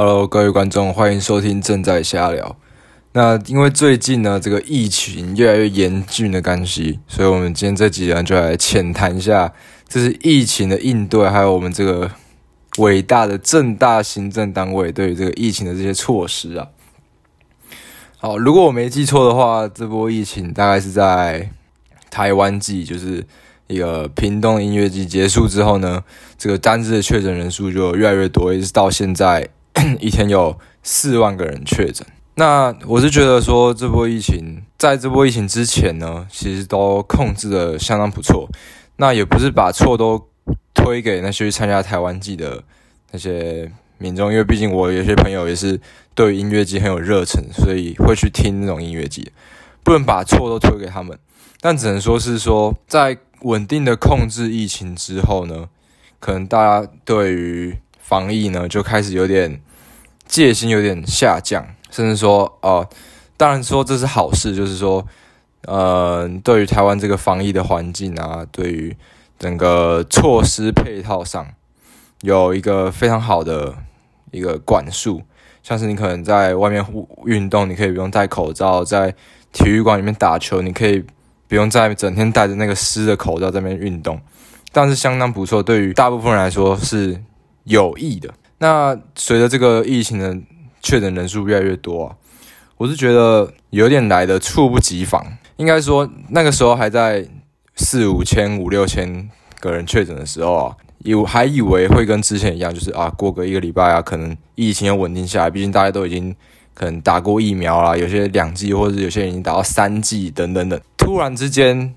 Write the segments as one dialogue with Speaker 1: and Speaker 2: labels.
Speaker 1: Hello，各位觀眾，歡迎收聽正在瞎聊。那因為最近呢，這個疫情越來越嚴峻的關係，所以我們今天這幾天就來淺談一下，就是疫情的應對，還有我們這個偉大的政大行政單位對於這個疫情的這些措施啊。好，如果我沒記錯的話，這波疫情大概是在台灣季，就是一個屏東音樂季結束之後呢，這個單日的確診人數就越來越多，一直到現在。 一天有四萬個人確診，那我是覺得說這波疫情，在這波疫情之前呢，其實都控制得相當不錯。那也不是把錯都推給那些去參加台灣祭的那些民眾，因為畢竟我有些朋友也是對音樂祭很有熱忱，所以會去聽那種音樂祭，不能把錯都推給他們。但只能說是說，在穩定的控制疫情之後呢，可能大家對於防疫呢就開始有點。戒心有點下降，甚至說，哦、呃，當然說這是好事，就是說，呃，對於台灣這個防疫的環境啊，對於整個措施配套上，有一個非常好的一個管束，像是你可能在外面運動，你可以不用戴口罩，在體育館裡面打球，你可以不用再整天戴着那個濕的口罩在那邊運動，但是相當不錯，對於大部分人來說是有益的。那隨着這個疫情的確診人數越來越多啊，我是覺得有點來得猝不及防。應該說那個時候還在四五千、五六千個人確診的時候啊，有還以為會跟之前一樣，就是啊過個一個禮拜啊，可能疫情要穩定下來。畢竟大家都已經可能打過疫苗啦，有些兩劑或者有些人已經打到三劑等等等。突然之間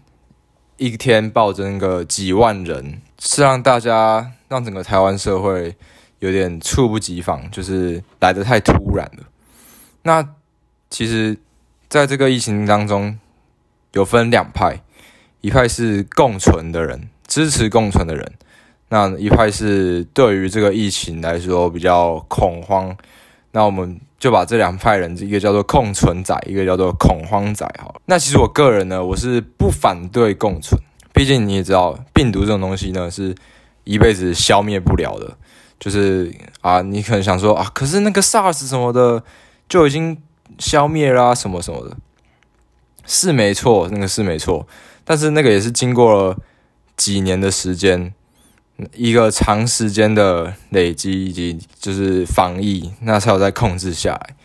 Speaker 1: 一天暴增個幾萬人，是讓大家讓整個台灣社會。有點猝不及防，就是來得太突然了。那其實，在這個疫情當中，有分兩派，一派是共存的人，支持共存的人；那一派是對於這個疫情來說比較恐慌。那我們就把這兩派人，一個叫做共存仔，一個叫做恐慌仔。好，那其實我個人呢，我是不反對共存，畢竟你也知道，病毒這種東西呢，是一輩子消滅不了的。就是啊，你可能想說啊，可是那個 SARS 什麼的就已經消滅啦，啊，什麼什麼的，是沒錯，那個是沒錯，但是那個也是經過了幾年的時間，一個長時間的累積以及就是防疫，那才有在控制下來。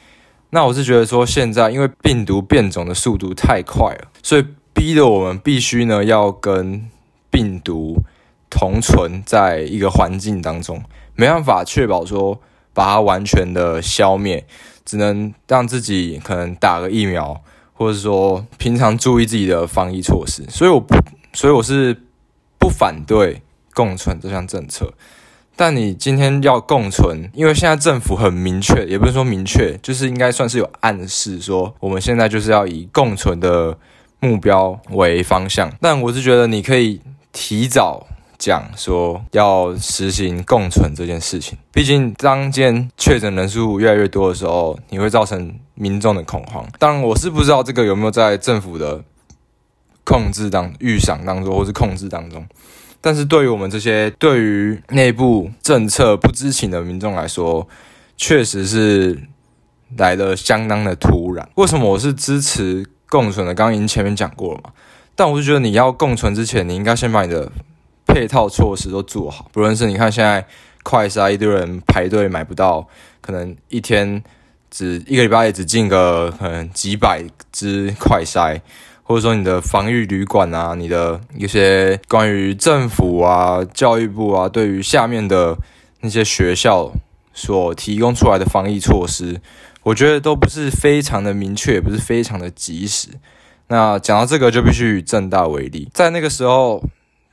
Speaker 1: 那我是覺得說，現在因為病毒變種的速度太快了，所以逼得我們必須呢要跟病毒同存在一個環境當中。沒辦法確保說把它完全的消滅，只能讓自己可能打個疫苗，或者說平常注意自己的防疫措施。所以我不，所以我是不反對共存這項政策。但你今天要共存，因為現在政府很明確，也不是說明確，就是應該算是有暗示說，我們現在就是要以共存的目標為方向。但我是覺得你可以提早。講說要實行共存這件事情，畢竟當間確診人數越來越多的時候，你會造成民眾的恐慌。當然，我是不知道這個有沒有在政府的控制當、預想當中，或是控制當中。但是，對於我們這些對於內部政策不知情的民眾來說，確實是來得相當的突然。為什麼我是支持共存的？剛剛已經前面講過了嘛。但我是覺得你要共存之前，你應該先把你的。配套措施都做好，不論是你看現在快塞一堆人排隊買不到，可能一天只一個禮拜也只進個可能幾百只快塞。或者說你的防禦旅館啊，你的一些關於政府啊、教育部啊對於下面的那些學校所提供出來的防疫措施，我覺得都不是非常的明確，也不是非常的及時。那講到這個，就必須以正大為例，在那個時候。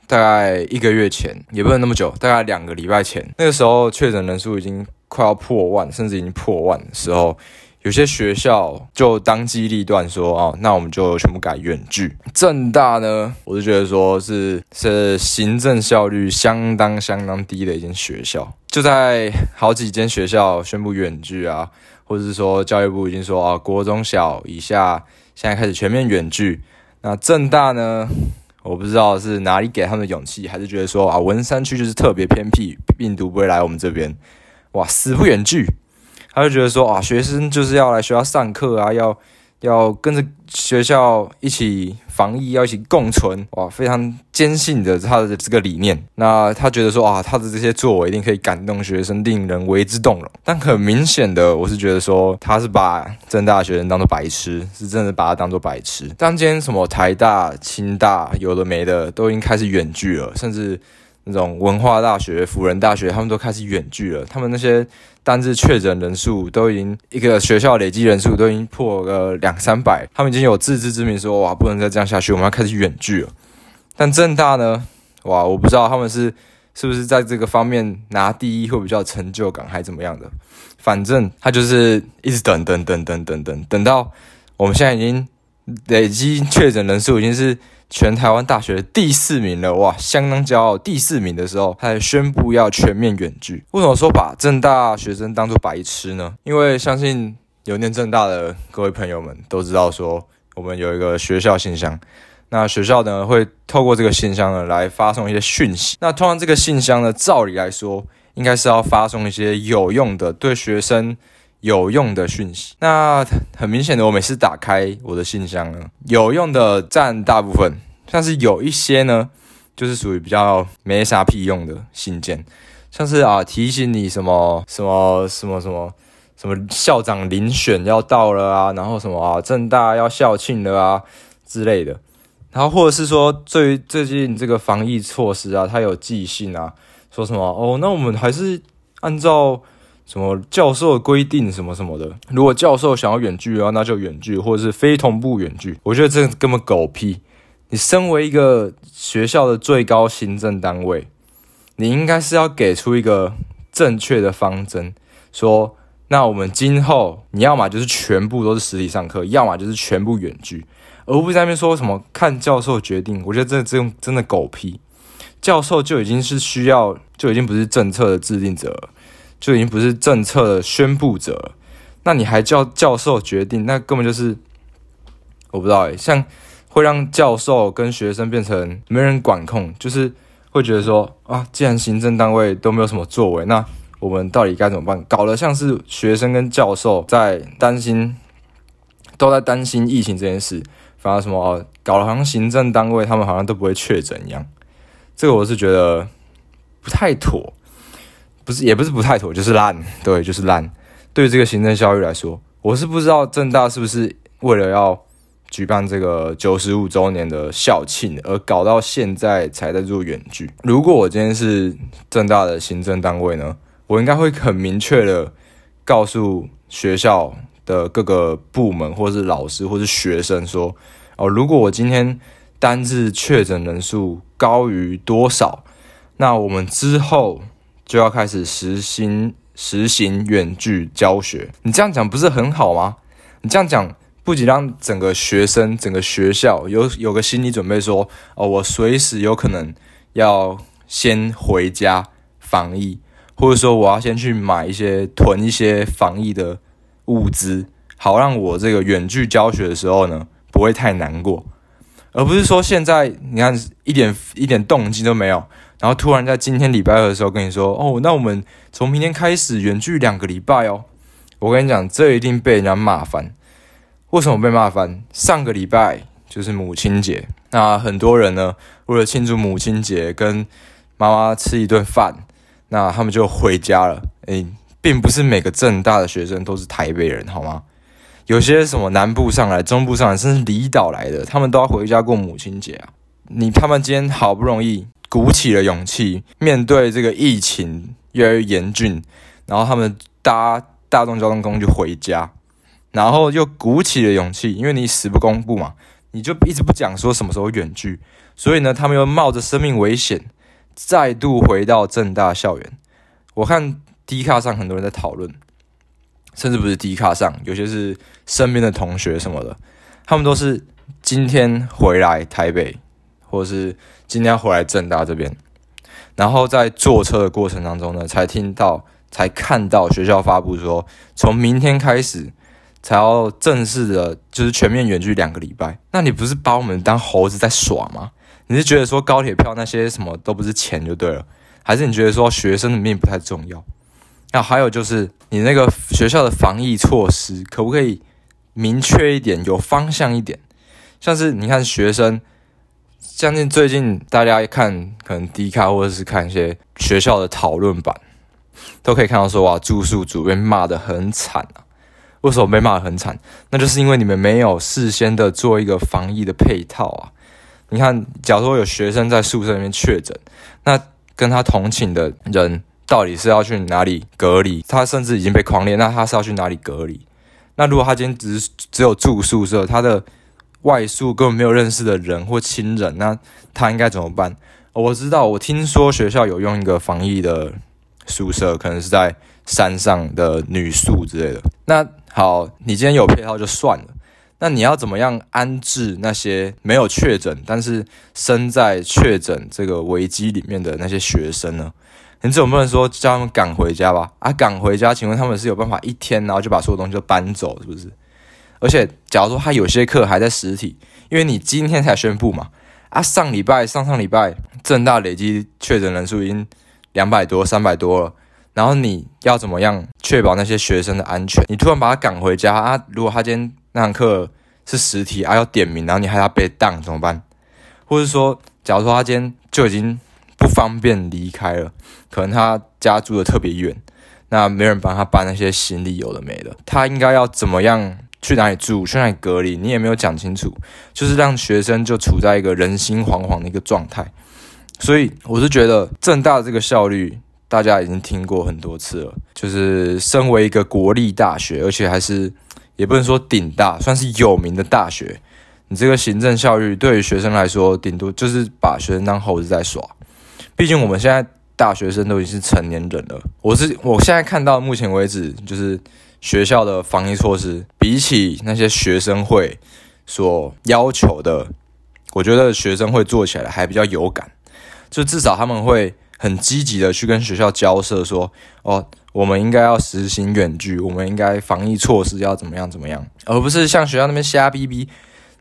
Speaker 1: 大概一個月前，也不能那麼久，大概兩個禮拜前，那個時候確診人數已經快要破萬，甚至已經破萬的時候，有些學校就當機立斷說，哦、啊，那我們就全部改遠距。政大呢，我是覺得說是是行政效率相當相當低的一間學校，就在好幾間學校宣布遠距啊，或者是說教育部已經說啊，國中小以下現在開始全面遠距，那政大呢？我不知道是哪裡給他們的勇氣，還是覺得說啊，文山區就是特別偏僻，病毒不會來我們這邊，哇，死不遠距，他就覺得說啊，學生就是要來學校上課啊，要。要跟着學校一起防疫，要一起共存，哇，非常堅信的他的這個理念。那他覺得說，哇、啊，他的這些作為一定可以感動學生，令人為之動容。但很明顯的，我是覺得說，他是把政大學生當做白痴，是真的把他當做白痴。當今天什麼台大、清大，有的沒的，都已經開始遠距了，甚至那種文化大學、輔仁大學，他們都開始遠距了，他們那些。但是確診人數都已經一個學校累積人數都已經破了個兩三百，他們已經有自知之明說，哇，不能再這樣下去，我們要開始遠距了。但政大呢？哇，我不知道他們是是不是在這個方面拿第一會比較成就感，還怎麼樣的？反正他就是一直等等等等等等，等到我們現在已經累積確診人數已經是。全台灣大學第四名了，哇，相當驕傲！第四名的時候，他還宣布要全面遠距。為什麼說把政大學生當作白痴呢？因為相信有念政大的各位朋友們都知道，說我們有一個學校信箱，那學校呢會透過這個信箱呢來發送一些訊息。那通常這個信箱呢，照理來說，應該是要發送一些有用的對學生。有用的訊息，那很明顯的，我每次打開我的信箱呢，有用的占大部分，像是有一些呢，就是屬於比較沒啥屁用的信件，像是啊提醒你什麼什麼什麼什麼什麼校長遴選要到了啊，然後什麼啊政大要校慶了啊之類的，然後或者是說最最近這個防疫措施啊，他有寄信啊，說什麼哦，那我們還是按照。什麼教授的規定什麼什麼的？如果教授想要遠距的話，那就遠距，或者是非同步遠距。我覺得這根本狗屁！你身為一個學校的最高行政單位，你應該是要給出一個正確的方針，說那我們今後你要麼就是全部都是實體上課，要麼就是全部遠距，而不是在那邊說什麼看教授決定。我覺得這這種真的狗屁！教授就已經是需要，就已經不是政策的制定者了。就已經不是政策的宣布者了，那你還叫教授決定，那根本就是我不知道哎，像會讓教授跟學生變成沒人管控，就是會覺得說啊，既然行政單位都沒有什麼作為，那我們到底該怎麼辦？搞得像是學生跟教授在擔心，都在擔心疫情這件事，反而什麼、啊、搞得好像行政單位他們好像都不會確診一樣，這個我是覺得不太妥。不是，也不是不太妥，就是爛，對，就是爛。對於這個行政效率來說，我是不知道政大是不是為了要舉辦這個九十五周年的校慶而搞到現在才在做遠距。如果我今天是政大的行政單位呢，我應該會很明確地告訴學校的各個部門，或是老師，或是學生說：哦，如果我今天單日確診人數高於多少，那我們之後。就要開始實行實行遠距教學，你這樣講不是很好嗎？你這樣講不僅讓整個學生、整個學校有有個心理準備說，說哦，我隨時有可能要先回家防疫，或者說我要先去買一些囤一些防疫的物資，好讓我這個遠距教學的時候呢，不會太難過。而不是說現在你看一點一點動靜都沒有，然後突然在今天禮拜二的時候跟你說哦，那我們從明天開始遠距兩個禮拜哦，我跟你講，這一定被人家罵翻。為什麼被罵翻？上個禮拜就是母親節，那很多人呢為了慶祝母親節跟媽媽吃一頓飯，那他們就回家了。哎，並不是每個政大的學生都是台北人，好嗎？有些什麼南部上來、中部上來，甚至離島來的，他們都要回家過母親節啊！你他們今天好不容易鼓起了勇氣，面對這個疫情越來越嚴峻，然後他們搭大眾交通工具回家，然後又鼓起了勇氣，因為你死不公布嘛，你就一直不講說什麼時候遠距，所以呢，他們又冒着生命危險，再度回到政大校園。我看 D 卡上很多人在討論。甚至不是 D 卡上，有些是身邊的同學什麼的，他們都是今天回來台北，或者是今天要回來政大這邊，然後在坐車的過程當中呢，才聽到、才看到學校發布說，從明天開始才要正式的，就是全面遠距兩個禮拜。那你不是把我們當猴子在耍嗎？你是覺得說高鐵票那些什麼都不是錢就對了，還是你覺得說學生的命不太重要？那、啊、還有就是你那個學校的防疫措施，可不可以明確一點，有方向一點？像是你看學生，相信最近大家看可能 Dcard 或者是看一些學校的討論版，都可以看到說哇，住宿組被罵的很慘啊。為什麼被罵得很慘？那就是因為你們沒有事先的做一個防疫的配套啊。你看，假如說有學生在宿舍裡面確診，那跟他同寢的人，到底是要去哪裡隔離？他甚至已經被匡列，那他是要去哪裡隔離？那如果他今天只只有住宿舍，他的外宿根本沒有認識的人或親人，那他應該怎麼辦？哦，我知道，我聽說學校有用一個防疫的宿舍，可能是在山上的女宿之類的。那好，你今天有配套就算了。那你要怎麼樣安置那些沒有確診，但是身在確診這個危機裡面的那些學生呢？你總不能說叫他們趕回家吧？啊，趕回家？請問他們是有辦法一天然後就把所有東西都搬走，是不是？而且，假如說他有些課還在實體，因為你今天才宣布嘛，啊，上禮拜、上上禮拜，政大累積確診人數已經兩百多、三百多了，然後你要怎麼樣確保那些學生的安全？你突然把他趕回家啊？如果他今天那堂課是實體啊，要點名，然後你還要被當怎麼辦？或者說，假如說他今天就已經方便離開了，可能他家住的特別遠，那沒人幫他搬那些行李，有的沒的，他應該要怎麼樣去哪裡住，去哪裡隔離？你也沒有講清楚，就是讓學生就處在一個人心惶惶的一個狀態。所以我是覺得政大的這個效率，大家已經聽過很多次了。就是身為一個國立大學，而且還是也不能說頂大，算是有名的大學，你這個行政效率對於學生來說，頂多就是把學生當猴子在耍。畢竟我們現在大學生都已經是成年人了。我是我現在看到目前為止，就是學校的防疫措施，比起那些學生會所要求的，我覺得學生會做起來還比較有感，就至少他們會很積極的去跟學校交涉說，說哦，我們應該要實行遠距，我們應該防疫措施要怎麼樣怎麼樣，而不是像學校那邊瞎逼逼，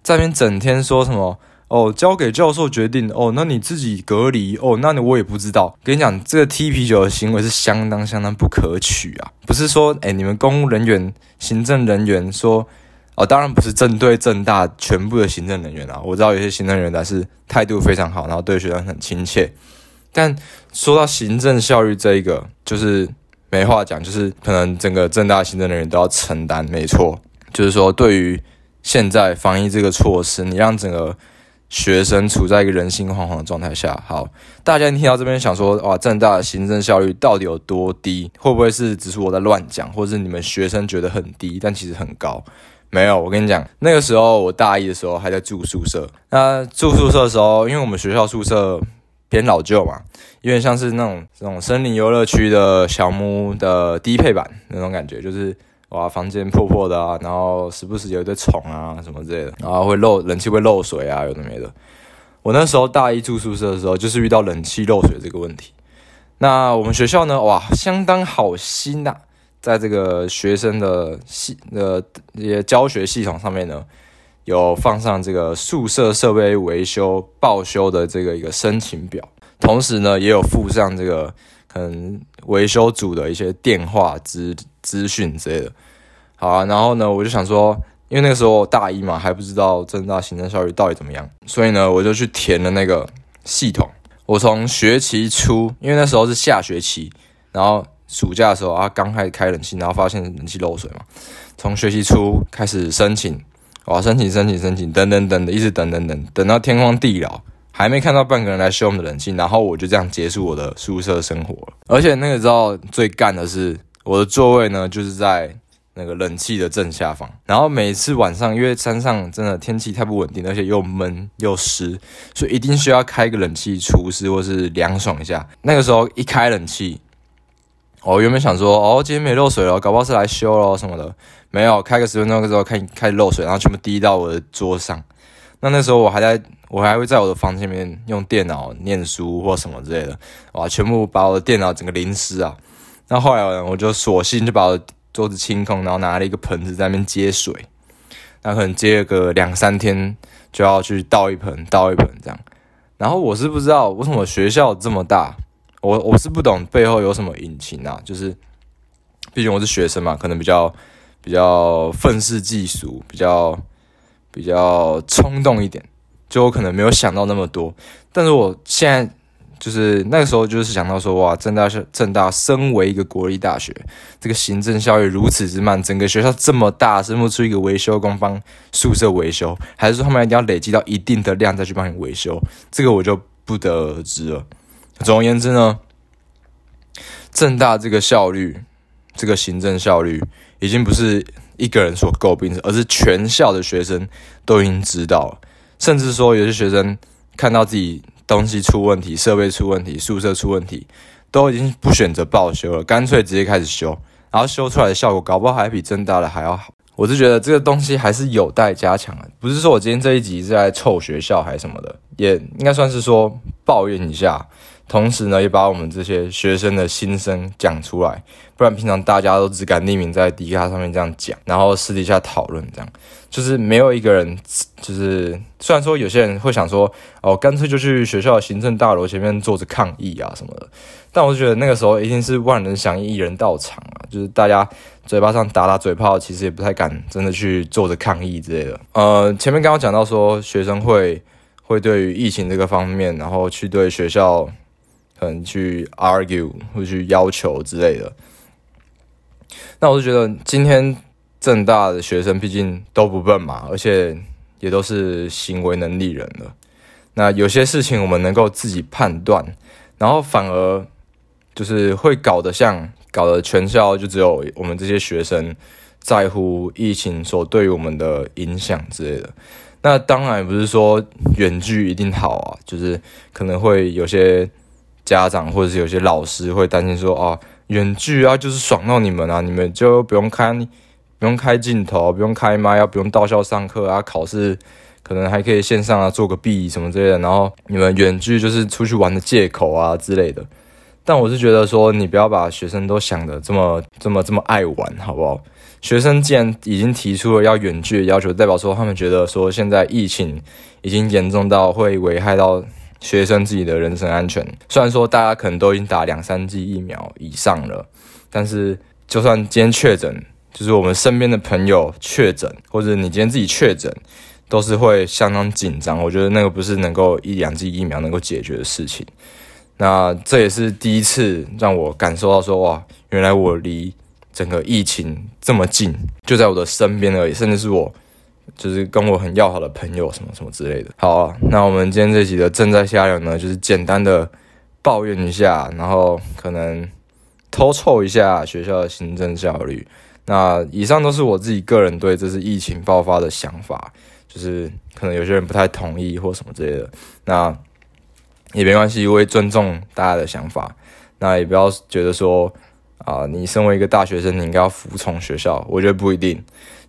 Speaker 1: 在那邊整天說什麼。哦，交給教授決定。哦，那你自己隔離。哦，那你我也不知道。跟你講，這個踢皮球的行為是相當相當不可取啊！不是說，哎、欸，你們公務人員、行政人員說，哦，當然不是針對政大全部的行政人員啊。我知道有些行政人員但是態度非常好，然後對學生很親切。但說到行政效率這一個，就是沒話講，就是可能整個政大行政人員都要承擔。沒錯，就是說，對於現在防疫這個措施，你讓整個。學生處在一個人心惶惶的狀態下。好，大家聽到這邊想說，哇，政大的行政效率到底有多低？會不會是只是我在亂講，或者是你們學生覺得很低，但其實很高？沒有，我跟你講，那個時候我大一的時候還在住宿舍。那住宿舍的時候，因為我們學校宿舍偏老舊嘛，有點像是那種這種森林遊樂區的小木屋的低配版那種感覺，就是。哇，房間破破的啊，然後時不時有一堆蟲啊，什麼之類的，然後會漏，冷氣會漏水啊，有的沒的。我那時候大一住宿舍的時候，就是遇到冷氣漏水這個問題。那我們學校呢，哇，相當好心吶、啊，在這個學生的系，呃，一些教學系統上面呢，有放上這個宿舍設備維修，報修的這個一個申請表，同時呢，也有附上這個可能維修組的一些電話諮資，資訊之類的。好啊，然後呢，我就想說，因為那個時候我大一嘛，還不知道政大行政效率到底怎麼樣，所以呢，我就去填了那個系統。我從學期初，因為那時候是下學期，然後暑假的時候啊，剛開始開冷氣，然後發現冷氣漏水嘛，從學期初開始申請，我申請申請申請等等等的，一直等等等等到天荒地老，還沒看到半個人來修我們的冷氣，然後我就這樣結束我的宿舍生活了。而且那個時候最幹的是我的座位呢，就是在。那個冷氣的正下方，然後每次晚上，因為山上真的天氣太不穩定，而且又悶又濕，所以一定需要開個冷氣除濕或是涼爽一下。那個時候一開冷氣，我原本想說哦，今天沒漏水了，搞不好是來修了什麼的，沒有，開個十分鐘之後，開、開始漏水，然後全部滴到我的桌上。那那個時候我還在我還會在我的房間裡面用電腦念書或什麼之類的，哇，全部把我的電腦整個淋濕啊！那後來呢，我就索性就把我。桌子清空，然後拿了一個盆子在那邊接水，那可能接個兩三天就要去倒一盆倒一盆，這樣，然後我是不知道為什麼學校這麼大，我我是不懂背後有什麼隱情啊，就是，畢竟我是學生嘛，可能比較比較憤世嫉俗，比較比較，比較衝動一點，就我可能沒有想到那麼多，但是我現在。就是那個時候，就是想到說，哇，政大，政大，大身為一個國立大學，這個行政效率如此之慢，整個學校這麼大，生不出一個維修工幫宿舍維修，還是說後面一定要累積到一定的量再去幫你維修？這個我就不得而知了。總而言之呢，政大這個效率，這個行政效率，已經不是一個人所詬病的，而是全校的學生都已經知道了，甚至說有些學生看到自己。東西出問題，設備出問題，宿舍出問題，都已經不選擇報修了，乾脆直接開始修，然後修出來的效果，搞不好還比政大的還要好。我是覺得這個東西還是有待加強的，不是說我今天這一集是在臭學校還是什麼的，也應該算是說。抱怨一下，同時呢，也把我們這些學生的心聲講出來，不然平常大家都只敢匿名在迪卡上面這樣講，然後私底下討論，這樣就是沒有一個人，就是雖然說有些人會想說，哦，乾脆就去學校的行政大樓前面坐着抗議啊什麼的，但我覺得那個時候一定是萬人響應，一人到場啊，就是大家嘴巴上打打嘴炮，其實也不太敢真的去坐着抗議之類的。呃，前面剛剛講到說學生會會對於疫情這個方面，然後去對學校，可能去 argue 或去要求之類的。那我就覺得，今天政大的學生畢竟都不笨嘛，而且也都是行為能力人了。那有些事情我們能夠自己判斷，然後反而就是會搞得像搞得全校就只有我們這些學生在乎疫情所對於我們的影響之類的。那當然不是說遠距一定好啊，就是可能會有些家長或者是有些老師會擔心說，啊，遠距啊就是爽到你們啊，你們就不用開不用開鏡頭，不用開麥，要不用到校上課啊，考試可能還可以線上啊，做個弊什麼之類的，然後你們遠距就是出去玩的借口啊之類的。但我是覺得說，你不要把學生都想得這麼這麼這麼愛玩，好不好？學生既然已經提出了要遠距的要求，代表說他們覺得說現在疫情已經嚴重到會危害到學生自己的人身安全。雖然說大家可能都已經打兩三劑疫苗以上了，但是就算今天確診，就是我們身邊的朋友確診，或者你今天自己確診，都是會相當緊張。我覺得那個不是能夠一兩劑疫苗能夠解決的事情。那這也是第一次讓我感受到說，哇，原來我離整個疫情這麼近，就在我的身邊而已，甚至是我就是跟我很要好的朋友什麼什麼之類的。好啊，那我們今天這集的正在瞎聊呢，就是簡單的抱怨一下，然後可能偷臭一下學校的行政效率。那以上都是我自己個人對這次疫情爆發的想法，就是可能有些人不太同意或什麼之類的，那也沒關係，我會尊重大家的想法，那也不要覺得說。啊，你身為一個大學生，你應該要服從學校？我覺得不一定。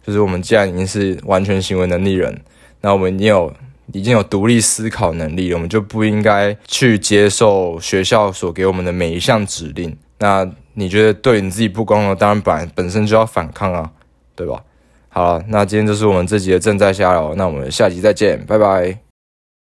Speaker 1: 就是我們既然已經是完全行為能力人，那我們已經有已經有獨立思考能力，我們就不應該去接受學校所給我們的每一項指令。那你覺得對你自己不公了，當然本本身就要反抗啊，對吧？好，那今天就是我們這集的正在下了，那我們下集再見，拜拜。